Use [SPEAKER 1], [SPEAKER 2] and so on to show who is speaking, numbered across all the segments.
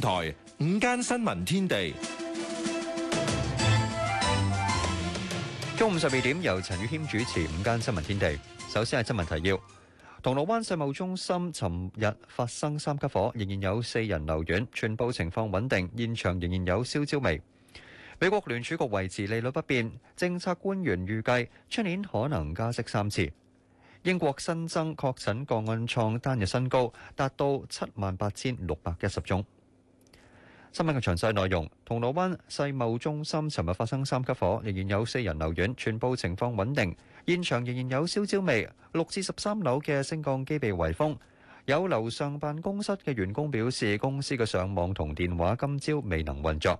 [SPEAKER 1] 台
[SPEAKER 2] 午間新聞天地，中午十二點由陳宇謙主持《午間新聞天地》。首先係新聞提要：銅鑼灣世貿中心尋日發生三級火，仍然有四人留院，全部情況穩定，現場仍然有燒焦味。美國聯儲局維持利率不變，政策官員預計出年可能加息三次。英國新增確診個案創單日新高，達到七萬八千六百一十宗。新聞嘅詳細內容，銅鑼灣世貿中心尋日發生三級火，仍然有四人留院，全部情況穩定。現場仍然有燒焦味，六至十三樓嘅升降機被圍封，有樓上辦公室嘅員工表示，公司嘅上網同電話今朝未能運作。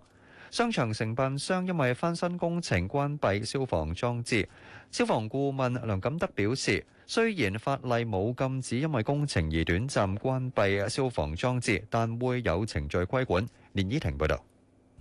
[SPEAKER 2] 商場承辦商因為翻新工程關閉消防裝置，消防顧問梁錦德表示。雖然法例冇禁止因為工程而短暫關閉消防裝置，但會有程序規管。連依婷報導，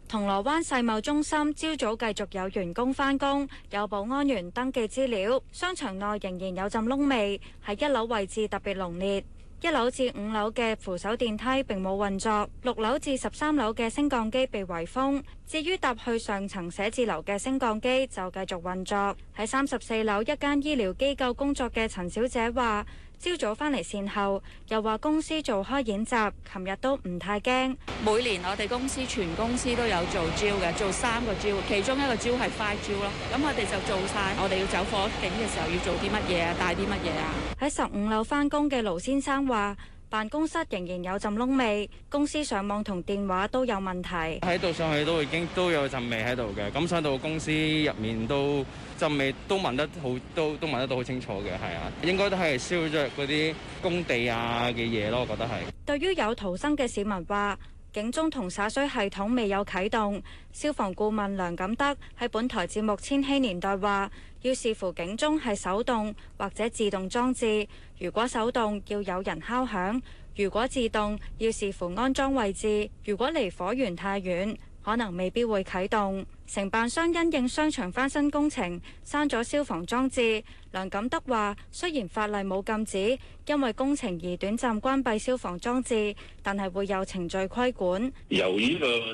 [SPEAKER 3] 銅鑼灣世貿中心朝早繼續有員工返工，有保安員登記資料。商場內仍然有陣燶味，喺一樓位置特別濃烈。一樓至五樓嘅扶手電梯並冇運作，六樓至十三樓嘅升降機被圍封。至於搭去上層寫字樓嘅升降機就繼續運作。喺三十四樓一間醫療機構工作嘅陳小姐話：朝早返嚟線後，又話公司做開演習，琴日,都唔太驚。每年我哋公司全公司都有做招嘅，做三個招，其中一個招係快招咯。咁我哋
[SPEAKER 4] 就做晒，我哋要走火警嘅時候要做啲乜嘢啊？帶啲乜嘢啊？
[SPEAKER 3] 喺十五樓返工嘅盧先生話。辦公室仍然有陣燶味，公司上網同電話都有問題。喺
[SPEAKER 5] 度上去都已經都有陣味喺度嘅，咁上到公司入面都陣味都聞得好，都都聞得到好清楚嘅，係啊，應該都係燒着嗰啲工地啊嘅嘢咯，我覺得係。
[SPEAKER 3] 對於有逃生嘅市民話，警鐘同灑水系統未有啟動，消防顧問梁錦德喺本台節目《千禧年代》話。要視乎警鐘係手動或者自動裝置。如果手動，要有人敲響；如果自動，要視乎安裝位置。如果離火源太遠，可能未必會啟動。承辦商因應商場翻新工程刪咗消防裝置，梁錦德話：雖然法例冇禁止，因為工程而短暫關閉消防裝置，但係會有程序規管。
[SPEAKER 1] 由呢、這個誒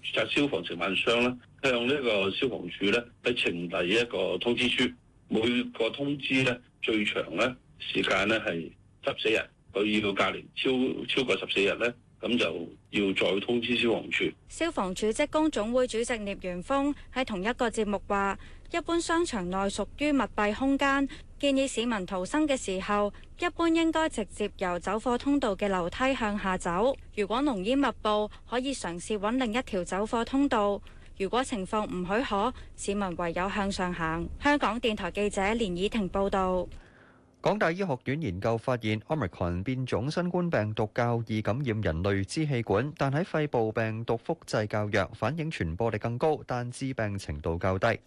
[SPEAKER 1] 註冊消防承辦商咧，向呢個消防處咧，喺呈遞一個通知書。每個通知咧，最長咧時間咧係十四日，以到隔離超超過十四日咧。咁就要再通知消防處。
[SPEAKER 3] 消防處職工總會主席聶元峰喺同一個節目話，一般商場內屬於密閉空間，建議市民逃生嘅時候，一般應該直接由走貨通道嘅樓梯向下走。如果濃煙密布，可以嘗試揾另一條走貨通道。如果情況唔許可，市民唯有向上行。香港電台記者連綺婷報道。
[SPEAKER 2] 港大醫學院研究發現，Omicron 變種新冠病毒較易感染人類支氣管，但喺肺部病毒複製較弱，反映傳播力更高，但致病程度較低。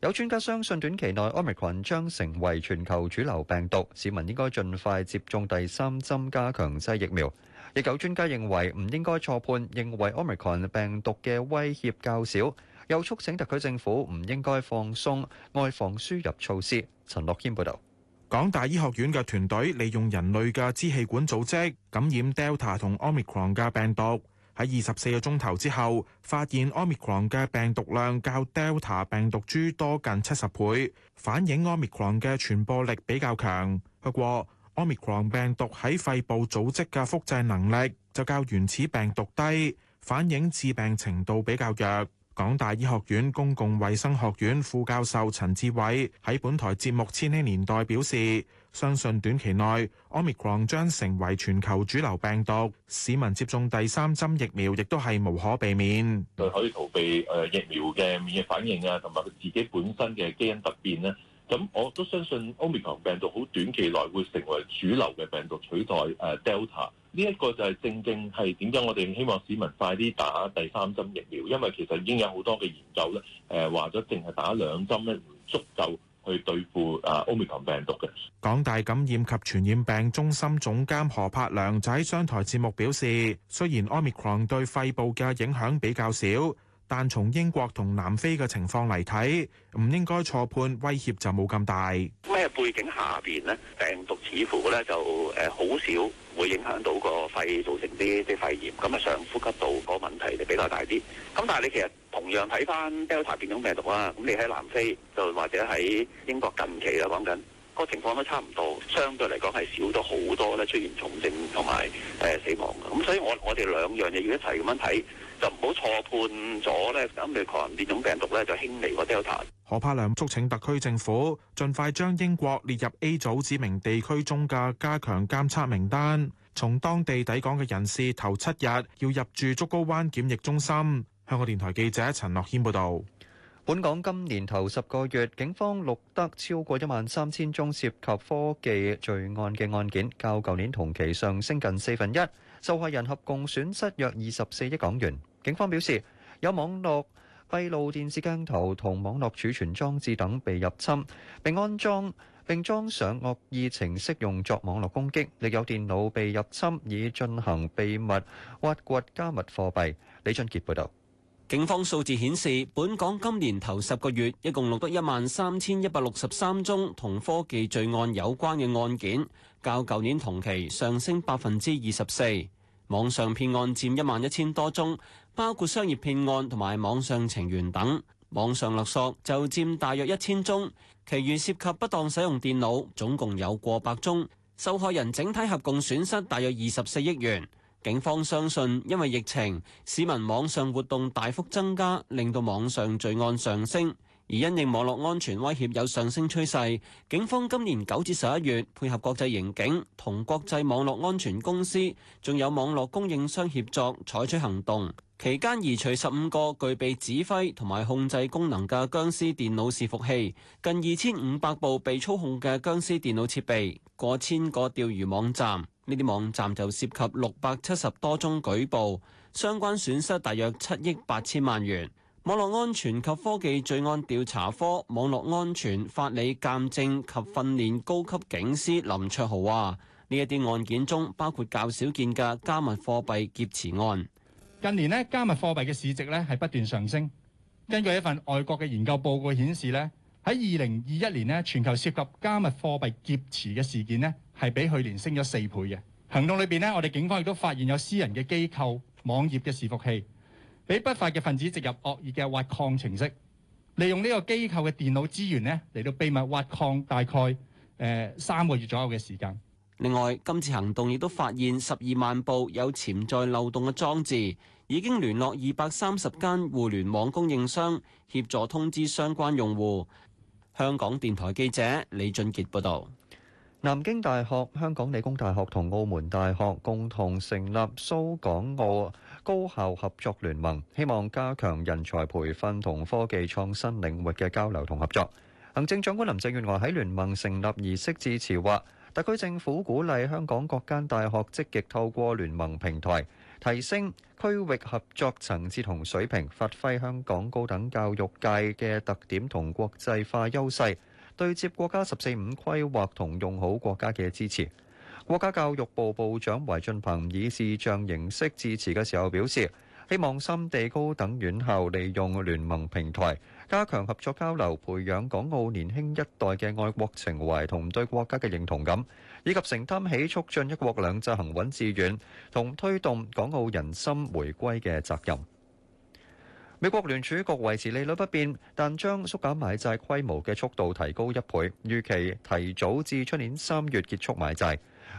[SPEAKER 2] 有專家相信，短期內 Omicron 將成為全球主流病毒，市民應該盡快接種第三針加強劑疫苗。亦有專家認為，唔應該錯判，認為 Omicron 病毒嘅威脅較小，又促請特區政府唔應該放鬆
[SPEAKER 6] 外防輸入措施。陳樂軒報導。港大醫學院嘅團隊利用人類嘅支氣管組織感染 Delta 同 Omicron 嘅病毒，喺二十四個鐘頭之後，發現 Omicron 嘅病毒量較 Delta 病毒株多近七十倍，反映 Omicron 嘅傳播力比較強。不過，Omicron 病毒喺肺部組織嘅複製能力就較原始病毒低，反映致病程度比較弱。港大醫學院公共衛生學院副教授陳志偉喺本台節目《千禧年代》表示，相信短期內 Omicron 將成為全球主流病毒，市民接種第三針疫苗亦都係無可避免。
[SPEAKER 1] 可以逃避疫苗嘅免疫反應啊，同埋佢自己本身嘅基因突變咧。咁我都相信 Omicron 病毒好短期內會成為主流嘅病毒，取代誒 Delta，呢一個就係正正係點解我哋希望市民快啲打第三針疫苗，因為其實已經有好多嘅研究咧誒話咗，淨係打兩針咧唔足夠去對付啊 Omicron 病毒嘅。
[SPEAKER 6] 港大感染及傳染病中心總監何柏良就喺商台節目表示，雖然 Omicron 對肺部嘅影響比較少。但從英國同南非嘅情況嚟睇，唔應該錯判威脅就冇咁大。
[SPEAKER 1] 咩背景下邊咧？病毒似乎咧就誒好少會影響到個肺，造成啲啲肺炎。咁啊上呼吸道個問題就比較大啲。咁但係你其實同樣睇返 Delta 變種病毒啊，咁你喺南非就或者喺英國近期啦講緊個情況都差唔多，相對嚟講係少咗好多咧出現重症同埋誒死亡。咁所以我我哋兩樣嘢要一齊咁樣睇。
[SPEAKER 5] 就唔好錯判咗咧。咁你如狂犬病種病毒咧，就輕
[SPEAKER 6] 微，個 Delta。何柏良促請特區政府盡快將英國列入 A 組指明地區中嘅加強監測名單。從當地抵港嘅人士，頭七日要入住竹篙灣檢疫中心。香港電台記者陳樂軒報導。本港今年頭十個月，
[SPEAKER 2] 警方錄得超過一萬三千宗涉及科技罪案嘅案件，較舊年同期上升近四分一。受害人合共損失約二十四億港元。警方表示，有網絡，閉路電視鏡頭同網絡儲存裝置等被入侵，並安裝，並裝上惡意程式用作網絡攻擊，亦有電腦被入侵，以進行秘密，挖掘加密貨幣。李俊
[SPEAKER 7] 傑報道。警方數字顯示，本港今年頭十個月，一共錄得一萬三千一百六十三宗同科技罪案有關嘅案件，較舊年同期，上升百分之二十四。網上騙案佔一萬一千多宗，包括商業騙案同埋網上情緣等，網上勒索就佔大約一千宗，其餘涉及不當使用電腦，總共有過百宗。受害人整體合共損失大約二十四億元。警方相信，因為疫情，市民網上活動大幅增加，令到網上罪案上升。而因應網絡安全威脅有上升趨勢，警方今年九至十一月配合國際刑警同國際網絡安全公司，仲有網絡供應商協助採取行動，期間移除十五個具備指揮同埋控制功能嘅僵屍電腦伺服器，近二千五百部被操控嘅僵屍電腦設備，過千個釣魚網站，呢啲網站就涉及六百七十多宗舉報，相關損失大約七億八千萬元。網絡安全及科技罪案調查科、網絡安全法理鑑證及訓練高級警司林卓豪話，呢一啲案件中包括較少見嘅加密貨幣劫持案。近年呢加密
[SPEAKER 2] 貨幣嘅市值呢係不斷上升。根據一份外國嘅研究報告顯示呢，喺二零二一年呢全球涉及加密貨幣劫持嘅事件呢係比去年升咗四倍嘅。行動裏邊呢，我哋警方亦都發現有私人嘅機構網頁嘅伺服器，俾不法嘅分子植入惡意嘅挖礦程式，利用呢個機構嘅電腦資源
[SPEAKER 8] 咧，嚟到秘密挖礦，大概誒、呃、三個月左右嘅時間。
[SPEAKER 7] 另外，今次行動亦都發現十二萬部有潛在漏洞嘅裝置，已經聯絡二百三十間互聯網供應商協助通知相關用戶。香港電台記者李俊傑報道。
[SPEAKER 2] 南京大學、香港理工大學同澳門大學共同成立蘇港澳。高校合作聯盟希望加強人才培訓同科技創新領域嘅交流同合作。行政長官林鄭月娥喺聯盟成立儀式致辭話：特區政府鼓勵香港各間大學積極透過聯盟平台，提升區域合作層次同水平，發揮香港高等教育界嘅特點同國際化優勢，對接國家十四五規劃同用好國家嘅支持。國家教育部部長，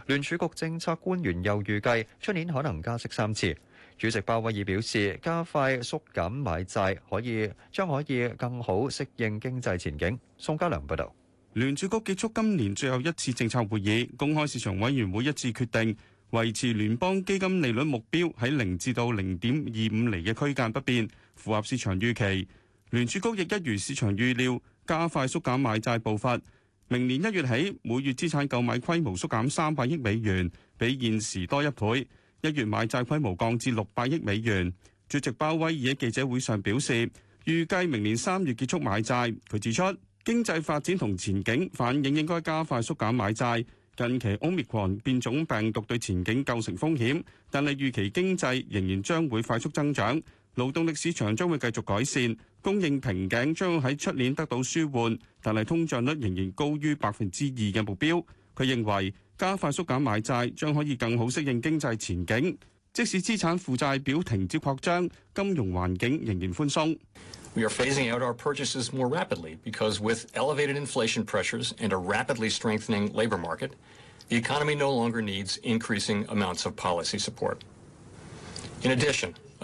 [SPEAKER 2] 聯儲局政策官員又預計出年可能加息三次。主席鮑威爾表示，加快縮減買債可以將可以更好適應經濟前景。
[SPEAKER 8] 宋家良報導，聯儲局結束今年最後一次政策會議，公開市場委員會一致決定維持聯邦基金利率目標喺零至到零點二五釐嘅區間不變，符合市場預期。聯儲局亦一如市場預料，加快縮減買債步伐。明年一月起，每月資產購買規模縮減三百億美元，比現時多一倍。一月買債規模降至六百億美元。主席鮑威爾喺記者會上表示，預計明年三月結束買債。佢指出，經濟發展同前景反映應該加快縮減買債。近期 Omicron 變種病毒對前景構成風險，但係預期經濟仍然將會快速增長。勞動力市場將會繼續改善，供應瓶頸將喺出年得到舒緩，但係通脹率仍然高於百分之二嘅目標。佢認為加快縮減買債將可以更好適應經濟前景，即使資產負債表停止擴張，金
[SPEAKER 7] 融環境仍然寬鬆。We are phasing out our purchases more rapidly because with elevated inflation pressures and a rapidly strengthening labour market, the economy no longer needs increasing amounts of policy support. In addition,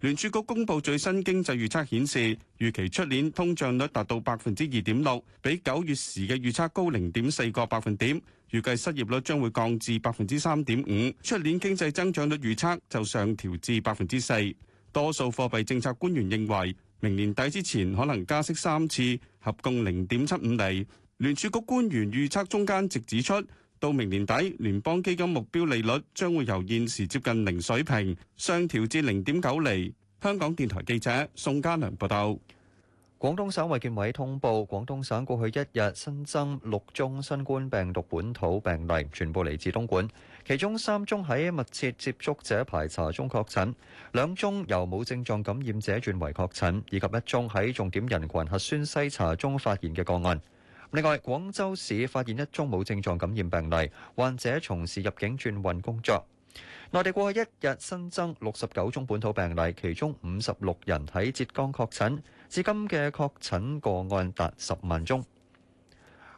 [SPEAKER 8] 聯儲局公布最新經濟預測顯示，預期出年通脹率達到百分之二點六，比九月時嘅預測高零點四個百分點。預計失業率將會降至百分之三點五，出年經濟增長率預測就上調至百分之四。多數貨幣政策官員認為，明年底之前可能加息三次，合共零點七五厘。聯儲局官員預測中間值指出。到明年底，聯邦基金目標利率將會由現時接近零水平上調至零點九釐。香港電台記者宋嘉良報道。
[SPEAKER 2] 廣東省衛健委通報，廣東省過去一日新增六宗新冠病毒本土病例，全部嚟自東莞，其中三宗喺密切接觸者排查中確診，兩宗由冇症狀感染者轉為確診，以及一宗喺重點人群核酸篩查中發現嘅個案。另外，廣州市發現一宗無症狀感染病例，患者從事入境轉運工作。內地過去一日新增六十九宗本土病例，其中五十六人喺浙江確診，至今嘅確診個案達十萬宗。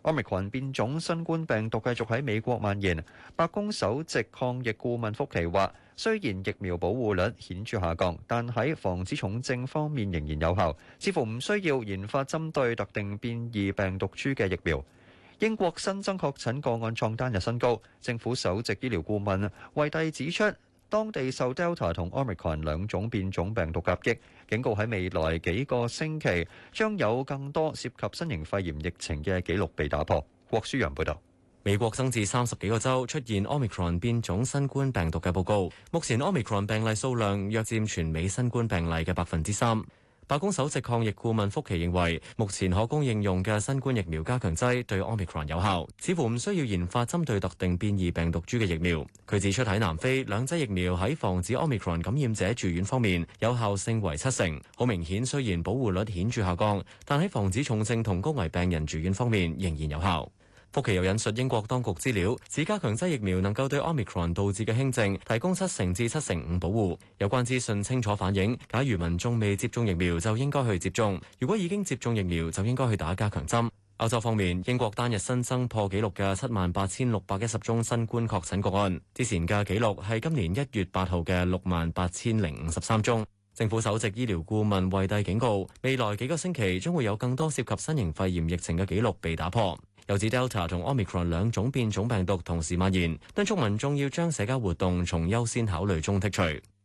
[SPEAKER 2] 奧密克戎變種新冠病毒繼續喺美國蔓延。白宮首席抗疫顧問福奇話：雖然疫苗保護率顯著下降，但喺防止重症方面仍然有效，似乎唔需要研發針對特定變異病毒株嘅疫苗。英國新增確診個案創單日新高，政府首席醫療顧問惠蒂指出，當地受 Delta 同 Omicron 兩種變種病毒夾擊，警告喺未來幾個星期將有更多涉及新型肺炎疫情嘅記錄被打破。郭舒揚報
[SPEAKER 9] 導，美國增至三十幾個州出現 Omicron 變種新冠病毒嘅報告，目前 Omicron 病例數量約佔全美新冠病例嘅百分之三。白宮首席抗疫顧問福奇認為，目前可供應用嘅新冠疫苗加強劑對 Omicron 有效，似乎唔需要研發針對特定變異病毒株嘅疫苗。佢指出，喺南非，兩劑疫苗喺防止 Omicron 感染者住院方面，有效性為七成。好明顯，雖然保護率顯著下降，但喺防止重症同高危病人住院方面仍然有效。福奇又引述英國當局資料，指加強劑疫苗能夠對 Omicron 導致嘅輕症提供七成至七成五保護。有關資訊清楚反映，假如民眾未接種疫苗，就應該去接種；如果已經接種疫苗，就應該去打加強針。歐洲方面，英國單日新增破紀錄嘅七萬八千六百一十宗新冠確診個案，之前嘅紀錄係今年一月八號嘅六萬八千零五十三宗。政府首席醫療顧問惠蒂警告，未來幾個星期將會有更多涉及新型肺炎疫情嘅紀錄被打破。又指 Delta 同 Omicron 兩種變種病毒同時蔓延，敦促民眾要將社交活動從優先考慮中剔除。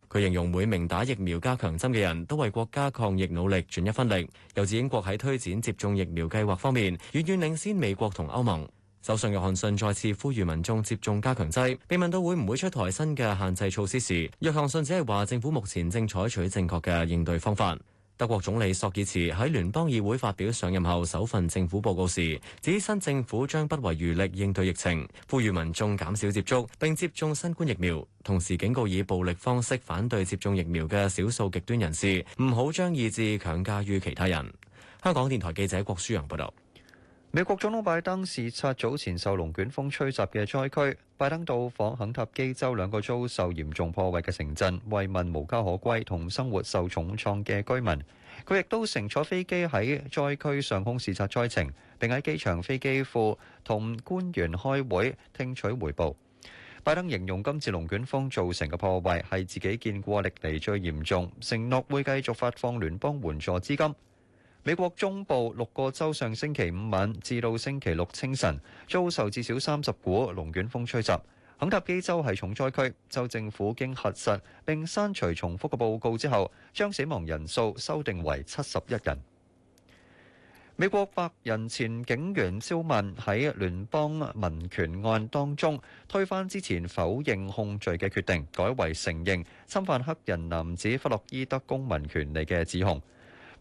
[SPEAKER 9] 佢形容每名打疫苗加強針嘅人都為國家抗疫努力盡一分力。又指英國喺推展接種疫苗計劃方面遠遠領先美國同歐盟。首相約翰遜再次呼籲民眾接種加強劑，被問到會唔會出台新嘅限制措施時，約翰遜只係話政府目前正採取正確嘅應對方法。德國總理索爾茨喺聯邦議會發表上任後首份政府報告時，指新政府將不遺餘力應對疫情，呼籲民眾減少接觸並接種新冠疫苗，同時警告以暴力方式反對接種疫苗嘅少數極端人士唔好將意志強加於其他人。香港電台記者郭舒揚報道。
[SPEAKER 2] 美國總統拜登視察早前受龍捲風吹襲嘅災區。拜登到訪肯塔基州兩個遭受嚴重破壞嘅城鎮，慰問無家可歸同生活受重創嘅居民。佢亦都乘坐飛機喺災區上空視察災情，並喺機場飛機庫同官員開會，聽取彙報。拜登形容今次龍捲風造成嘅破壞係自己見過歷嚟最嚴重，承諾會繼續發放聯邦援助資金。美國中部六個州上星期五晚至到星期六清晨遭受至少三十股龍捲風吹襲，肯塔基州係重災區。州政府經核實並刪除重複嘅報告之後，將死亡人數修訂為七十一人。美國白人前警員肖曼喺聯邦民權案當中推翻之前否認控罪嘅決定，改為承認侵犯黑人男子弗洛伊德公民權利嘅指控。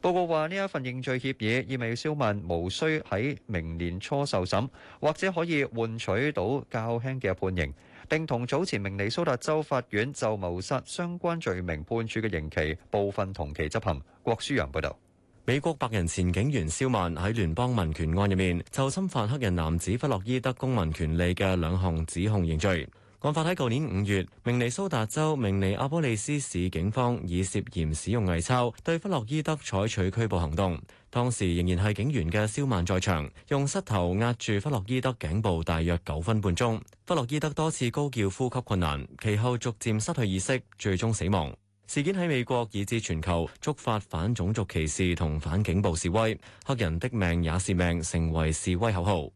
[SPEAKER 2] 報告話：呢一份認罪協議意味肖曼無需喺明年初受審，或者可以換取到較輕嘅判刑，並同早前明尼蘇達州法院就謀
[SPEAKER 9] 殺相關罪名判處嘅刑期部分同期執行。郭舒陽報導，美國白人前警員肖曼喺聯邦民權案入面就侵犯黑人男子弗洛伊德公民權利嘅兩項指控認罪。案發喺舊年五月，明尼蘇達州明尼阿波利斯市警方以涉嫌使用偽鈔對弗洛伊德採取拘捕行動。當時仍然係警員嘅肖曼在場，用膝頭壓住弗洛伊德頸部大約九分半鐘。弗洛伊德多次高叫呼吸困難，其後逐漸失去意識，最終死亡。事件喺美國以至全球觸發反種族歧視同反警暴示威，黑人的命也是命成為示威口號。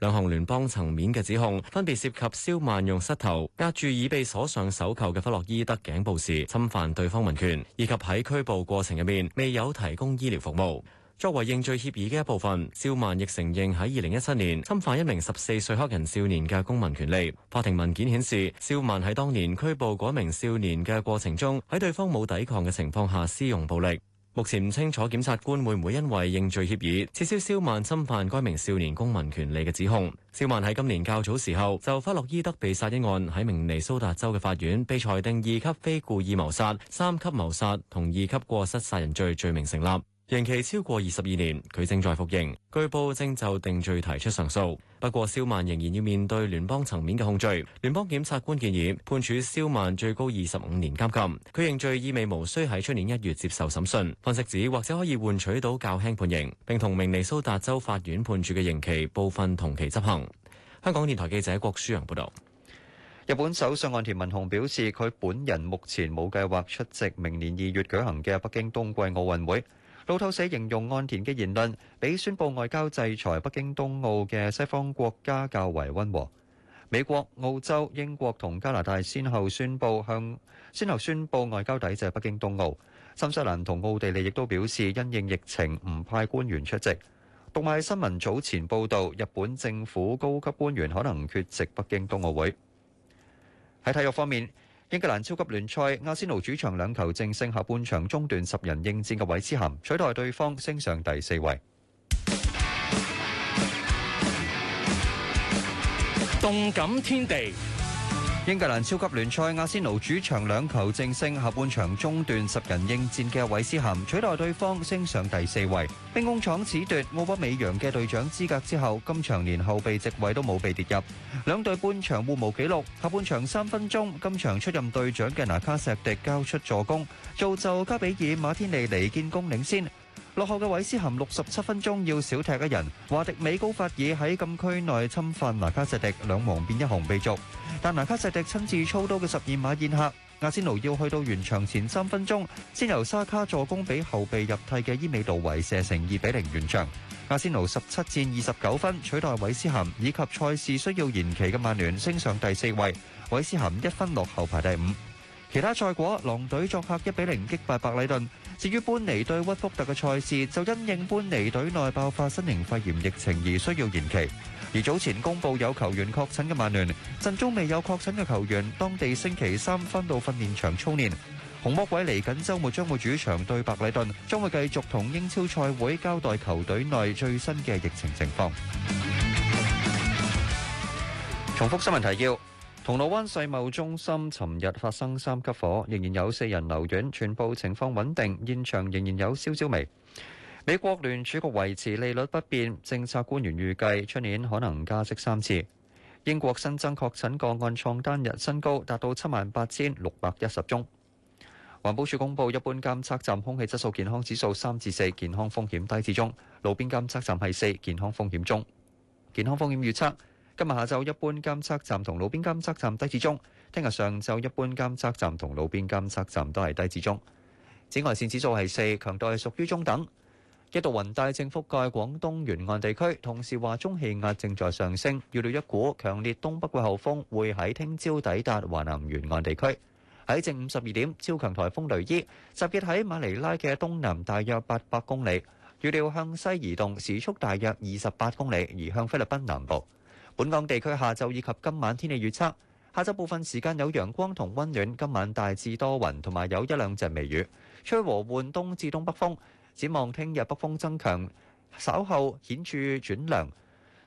[SPEAKER 9] 兩項聯邦層面嘅指控，分別涉及肖曼用膝頭壓住已被鎖上手扣嘅弗洛伊德頸部時侵犯對方民權，以及喺拘捕過程入面未有提供醫療服務。作為認罪協議嘅一部分，肖曼亦承認喺二零一七年侵犯一名十四歲黑人少年嘅公民權利。法庭文件顯示，肖曼喺當年拘捕嗰名少年嘅過程中，喺對方冇抵抗嘅情況下施用暴力。目前唔清楚檢察官會唔會因為認罪協議撤銷蕭曼侵犯該名少年公民權利嘅指控。蕭曼喺今年較早時候就弗洛伊德被殺一案喺明尼蘇達州嘅法院被裁定二級非故意謀殺、三級謀殺同二級過失殺人罪罪名成立。刑期超過二十二年，佢正在服刑，據報正就定罪提出上訴。不過，蕭曼仍然要面對聯邦層面嘅控罪。聯邦檢察官建議判處蕭曼最高二十五年監禁。佢認罪意味無需喺出年一月接受審訊。分析指，或者可以換取到較輕判刑，並同明尼蘇達州法院判處嘅刑期部分同期執行。香港電台記者郭舒洋報道。日本首相岸田文雄表示，佢本人
[SPEAKER 2] 目前冇計劃出席明年二月舉行嘅北京冬季奧運會。路透社形容岸田嘅言論比宣布外交制裁北京冬奧嘅西方國家較為温和。美國、澳洲、英國同加拿大先後宣布向先後宣布外交抵制北京冬奧。新西蘭同奧地利亦都表示因應疫情唔派官員出席。讀賣新聞早前報道，日本政府高級官員可能缺席北京冬奧會。喺體育方面，英格蘭超級聯賽，阿仙奴主場兩球淨勝下半場中段十人應戰嘅韋斯咸，取代對方升上第四位。動感天地。英格蘭超級聯賽，阿仙奴主場兩球正勝，下半場中段十人應戰嘅韋斯咸取代對方升上第四位。兵工廠褫奪奧巴美揚嘅隊長資格之後，今場連後備席位都冇被跌入，兩隊半場互無紀錄。下半場三分鐘，今場出任隊長嘅拿卡錫迪交出助攻，造就加比爾馬天尼尼建功領先落後嘅韋斯咸六十七分鐘要少踢一人，華迪美高法爾喺禁區內侵犯拿卡錫迪，兩黃變一紅被逐。但拿卡錫迪親自操刀嘅十二碼宴客，阿仙奴要去到完場前三分鐘，先由沙卡助攻俾後備入替嘅伊美度維射成二比零完場。阿仙奴十七戰二十九分，取代韋斯咸以及賽事需要延期嘅曼聯升上第四位，韋斯咸一分落後排第五。其他賽果，狼隊作客一比零擊敗白禮頓。至於班尼對屈福特嘅賽事，就因應班尼隊內爆發新型肺炎疫情而需要延期。而早前公布有球員確診嘅曼聯，陣中未有確診嘅球員，當地星期三返到訓練場操練。紅魔鬼嚟緊周末將會主場對白禮頓，將會繼續同英超賽會交代球隊內最新嘅疫情情況。重複新聞提要。銅鑼灣世貿中心尋日發生三級火，仍然有四人留院，全部情況穩定。現場仍然有燒焦味。美國聯儲局維持利率不變，政策官員預計出年可能加息三次。英國新增確診個案創單日新高，達到七萬八千六百一十宗。環保署公布，一般監測站空氣質素健康指數三至四，健康風險低至中；路邊監測站係四，健康風險中。健康風險預測。今日下晝一般監測站同路邊監測站低至中。聽日上晝一般監測站同路邊監測站都係低至中。紫外線指數係四，強度係屬於中等。一道雲帶正覆蓋廣東沿岸地區，同時華中氣壓正在上升，預料一股強烈東北季候風會喺聽朝抵達華南沿岸地區。喺正午十二點，超強颱風雷伊集結喺馬尼拉嘅東南，大約八百公里，預料向西移動，時速大約二十八公里，而向菲律賓南部。本港地區下晝以及今晚天氣預測：下晝部分時間有陽光同温暖，今晚大致多雲同埋有，有一兩陣微雨，吹和緩東至東北風。展望聽日北風增強，稍後顯著轉涼。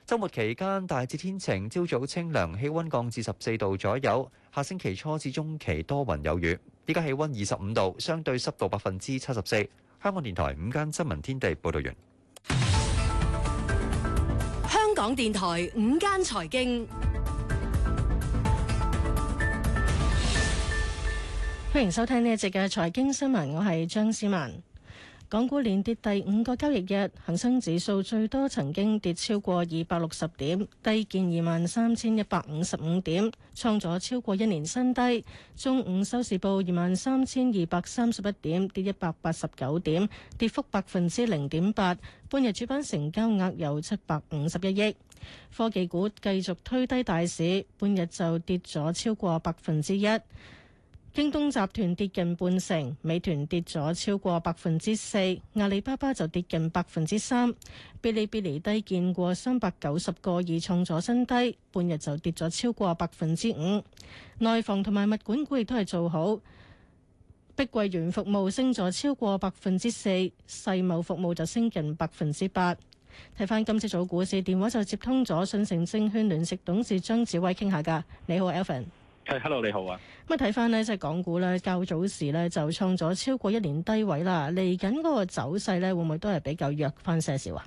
[SPEAKER 2] 周末期間大致天晴，朝早清涼，氣温降至十四度左右。下星期初至中期多雲有雨。依家氣温二十五度，相對濕度百分之七十四。香港電台午間新聞天地，報道完。
[SPEAKER 4] 港電台午間財經。歡迎收聽呢一節嘅財經新聞，我係張思文。港股連跌第五個交易日，恒生指數最多曾經跌超過二百六十點，低見二萬三千一百五十五點，創咗超過一年新低。中午收市報二萬三千二百三十一點，跌一百八十九點，跌幅百分之零點八。半日主板成交額有七百五十一億，科技股繼續推低大市，半日就跌咗超過百分之一。京東集團跌近半成，美團跌咗超過百分之四，阿里巴巴就跌近百分之三。嗶哩嗶哩低見過三百九十個，已創咗新低，半日就跌咗超過百分之五。內房同埋物管股亦都係做好，碧桂園服務升咗超過百分之四，世茂服務就升近百分之八。睇翻，今朝早股市，電話就接通咗信誠證券聯席董事張子偉傾下噶。你好，Alvin。Al
[SPEAKER 1] Hello，你好
[SPEAKER 4] 啊。咁啊，睇翻咧，即係港股咧，較早時咧就創咗超過一年低位啦。嚟緊嗰個走勢咧，會唔會都係比較弱翻些少啊？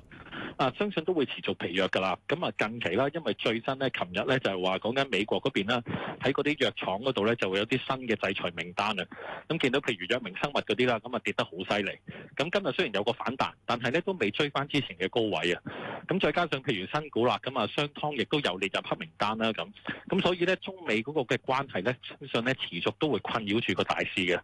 [SPEAKER 1] 啊，相信都會持續疲弱㗎啦。咁啊，近期啦，因為最新咧，琴日咧就係話講緊美國嗰邊啦，喺嗰啲藥廠嗰度咧就會有啲新嘅制裁名單啊。咁見到譬如藥明生物嗰啲啦，咁啊跌得好犀利。咁今日雖然有個反彈，但係咧都未追翻之前嘅高位啊。咁再加上譬如新股啦，咁啊商湯亦都有列入黑名單啦。咁咁所以咧，中美嗰個嘅關係咧，相信咧持續都會困擾住個大市嘅。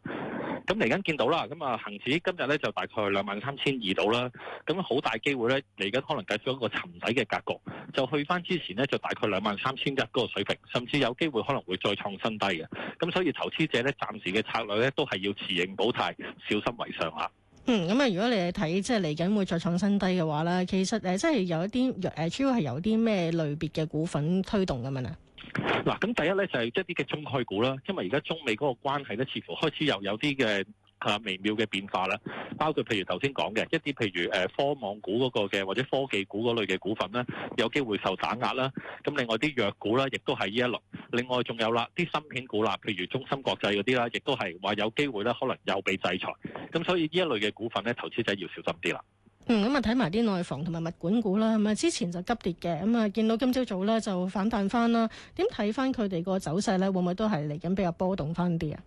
[SPEAKER 1] 咁嚟緊見到啦，咁啊，恆指今日咧就大概兩萬三千二度啦，咁好大機會咧，嚟緊可能繼續一個沉底嘅格局，就去返之前咧就大概兩萬三千一嗰個水平，甚至有機會可能會再創新低嘅。咁所以投資者咧暫時嘅策略咧都係要持盈保泰，小心為上啦。
[SPEAKER 4] 嗯，咁啊，如果你係睇即係嚟緊會再創新低嘅話咧，其實誒、呃、即係有一啲誒、呃、主要係有啲咩類別嘅股份推動咁樣啦。
[SPEAKER 1] 嗱，咁第一咧就係一啲嘅中概股啦，因為而家中美嗰個關係咧，似乎開始又有啲嘅啊微妙嘅變化啦，包括譬如頭先講嘅一啲譬如誒科網股嗰個嘅或者科技股嗰類嘅股份咧，有機會受打壓啦。咁另外啲藥股咧，亦都係呢一類。另外仲有啦，啲芯片股啦，譬如中芯國際嗰啲啦，亦都係話有機會咧，可能又俾制裁。咁所以呢一類嘅股份咧，投資者要小心啲啦。
[SPEAKER 4] 嗯，咁啊睇埋啲內房同埋物管股啦，咁啊之前就急跌嘅，咁啊見到今朝早咧就反彈翻啦。點睇翻佢哋個走勢咧，會唔會都係嚟緊比較波動翻啲啊？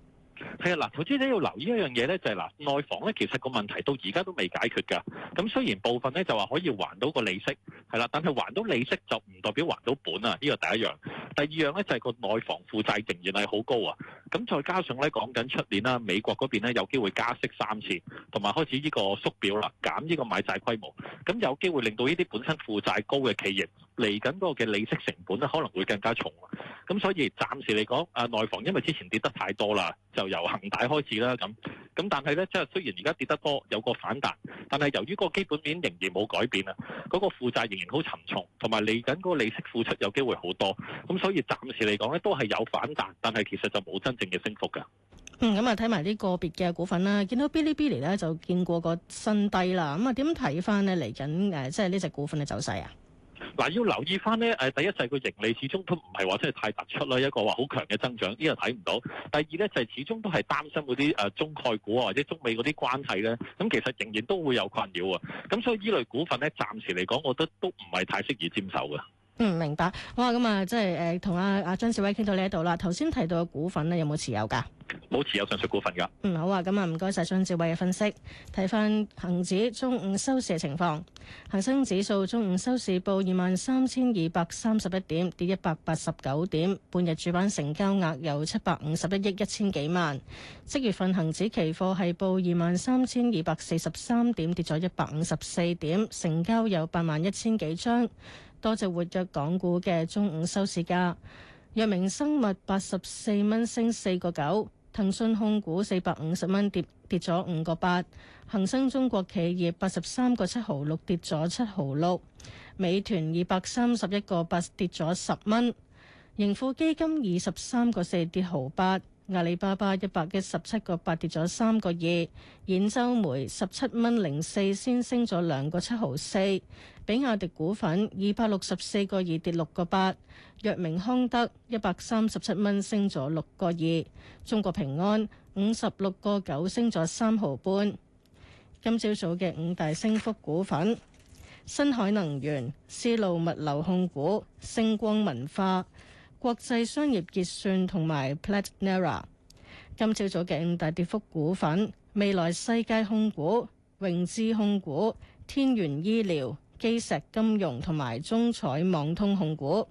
[SPEAKER 1] 係啦，投資者要留意一樣嘢咧，就係嗱內房咧，其實個問題到而家都未解決㗎。咁雖然部分咧就話可以還到個利息，係啦，但係還到利息就唔代表還到本啊。呢個第一樣，第二樣咧就係個內房負債仍然係好高啊。咁再加上咧講緊出年啦，美國嗰邊咧有機會加息三次，同埋開始呢個縮表啦，減呢個買債規模，咁有機會令到呢啲本身負債高嘅企業。嚟緊嗰個嘅利息成本咧，可能會更加重。咁所以暫時嚟講，啊內房因為之前跌得太多啦，就由恒大開始啦。咁咁，但係咧，即係雖然而家跌得多，有個反彈，但係由於嗰個基本面仍然冇改變啊，嗰個負債仍然好沉重，同埋嚟緊嗰個利息付出有機會好多。咁所以暫時嚟講咧，都係有反彈，但係其實就冇真正嘅升幅㗎、嗯。
[SPEAKER 4] 嗯，咁啊，睇埋啲個別嘅股份啦，見到 Bilibili 咧就見過個新低啦。咁、嗯、啊，點睇翻咧嚟緊？誒，即係呢隻股份嘅走勢啊？
[SPEAKER 1] 嗱，要留意翻咧，誒，第一就係個盈利始終都唔係話真係太突出啦，一個話好強嘅增長，呢個睇唔到。第二咧就係始終都係擔心嗰啲誒中概股啊或者中美嗰啲關係咧，咁其實仍然都會有困擾啊。咁所以依類股份咧，暫時嚟講，我覺得都唔係太適宜佔守嘅。
[SPEAKER 4] 嗯，明白。好啊，咁啊，即係誒，同阿阿張志偉傾到呢一度啦。頭先提到嘅股份呢，有冇持有噶？
[SPEAKER 1] 冇持有上述股份噶。
[SPEAKER 4] 嗯，好啊，咁啊，唔該晒張志偉嘅分析。睇翻恒指中午收市嘅情況，恒生指數中午收市報二萬三千二百三十一點，跌一百八十九點。半日主板成交額有七百五十一億一千幾萬。即月份恒指期貨係報二萬三千二百四十三點，跌咗一百五十四點，成交有八萬一千幾張。多隻活躍港股嘅中午收市價，藥明生物八十四蚊升四個九，騰訊控股四百五十蚊跌跌咗五個八，恆生中國企業八十三個七毫六跌咗七毫六，美團二百三十一個八跌咗十蚊，盈富基金二十三個四跌毫八。阿里巴巴一百一十七個八跌咗三個二，兗州煤十七蚊零四先升咗兩個七毫四，比亞迪股份二百六十四個二跌六個八，藥明康德一百三十七蚊升咗六個二，中國平安五十六個九升咗三毫半。今朝早嘅五大升幅股份：新海能源、絲路物流控股、星光文化。國際商業結算同埋 Platerra。今朝早嘅五大跌幅股份：未來世界控股、榮智控股、天元醫療、基石金融同埋中彩網通控股。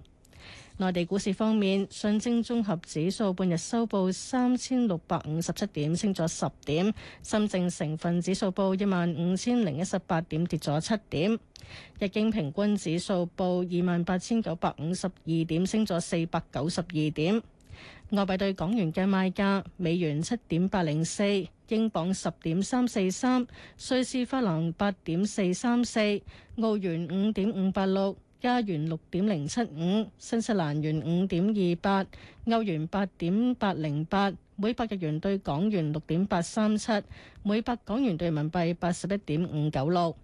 [SPEAKER 4] 內地股市方面，上證綜合指數半日收報三千六百五十七點，升咗十點；深證成分指數報一萬五千零一十八點，跌咗七點；日經平均指數報二萬八千九百五十二點，升咗四百九十二點。外幣對港元嘅賣價，美元七點八零四，英鎊十點三四三，瑞士法郎八點四三四，澳元五點五八六。加元六點零七五，75，新西蘭元五點二八，歐元八點八零八，每百日元對港元六點八三七，每百港元對人民幣八十一點五九六。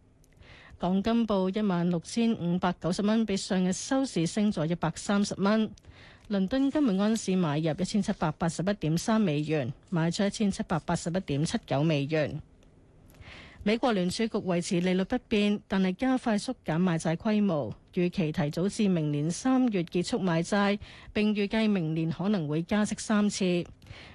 [SPEAKER 4] 港金報一萬六千五百九十蚊，比上日收市升咗一百三十蚊。倫敦金每盎司買入一千七百八十一點三美元，賣出一千七百八十一點七九美元。美國聯儲局維持利率不變，但係加快縮減買債規模，預期提早至明年三月結束買債，並預計明年可能會加息三次。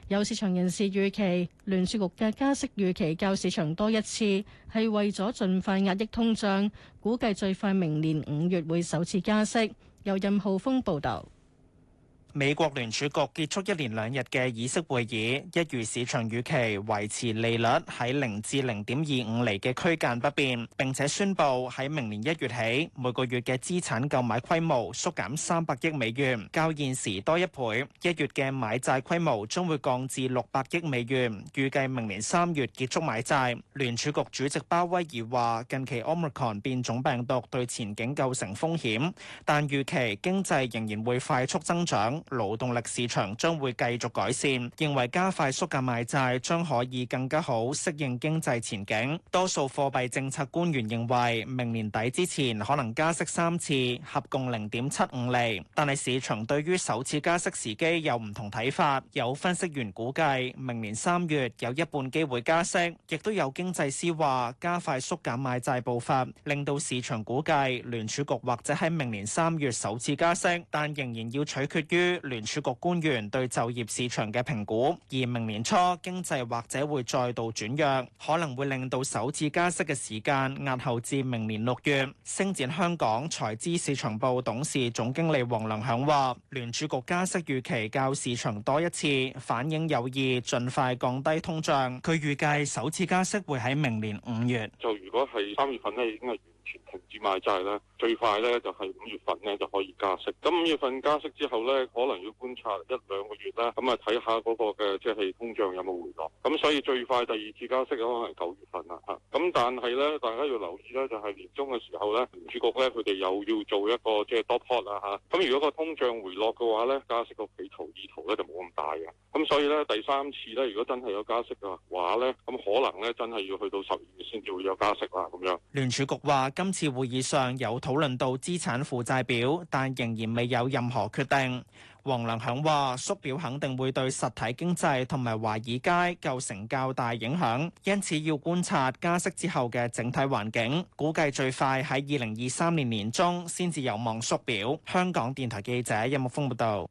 [SPEAKER 4] 有市場人士預期，聯儲局嘅加息預期較市場多一次，係為咗盡快壓抑通脹，估計最快明年五月會首次加息。由任浩峰報導。
[SPEAKER 5] 美國聯儲局結束一連兩日嘅議息會議，一如市場預期，維持利率喺零至零點二五厘嘅區間不變。並且宣布喺明年一月起每個月嘅資產購買規模縮減三百億美元，較現時多一倍。一月嘅買債規模將會降至六百億美元，預計明年三月結束買債。聯儲局主席鮑威爾話：近期 Omicron 變種病毒對前景構成風險，但預期經濟仍然會快速增長。勞動力市場將會繼續改善，認為加快縮減買債將可以更加好適應經濟前景。多數貨幣政策官員認為，明年底之前可能加息三次，合共零點七五厘。但係市場對於首次加息時機有唔同睇法。有分析員估計，明年三月有一半機會加息，亦都有經濟師話，加快縮減買債步伐，令到市場估計聯儲局或者喺明年三月首次加息，但仍然要取決於。聯儲局官員對就業市場嘅評估，而明年初經濟或者會再度轉弱，可能會令到首次加息嘅時間押後至明年六月。星展香港財資市場部董事總經理黃能響話，聯儲局加息預期較市場多一次，反映有意盡快降低通脹。佢預計首次加息會喺明年五月。
[SPEAKER 1] 就如果係三月份呢，已經係完全停止買債啦。最快咧就係五月份咧就可以加息。咁五月份加息之後咧，可能要觀察一兩個月啦。咁啊睇下嗰個嘅即係通脹有冇回落。咁所以最快第二次加息可能係九月份啦嚇。咁但係咧，大家要留意咧，就係年中嘅時候咧，聯儲局咧佢哋又要做一個即係 dot plot 啦嚇。咁、就是、如果個通脹回落嘅話咧，加息個企圖意圖咧就冇咁大嘅。咁所以咧第三次咧，如果真係有加息嘅話咧，咁可能咧真係要去到十二月先至會有加息啦咁樣。
[SPEAKER 5] 聯儲局話今次會議上有討論到資產負債表但仍然未有任何決定。黃良響話：縮表肯定會對實體經濟同埋華爾街構成較大影響，因此要觀察加息之後嘅整體環境。估計最快喺2023年年中先至有望縮表。香港電台記者任木豐報道。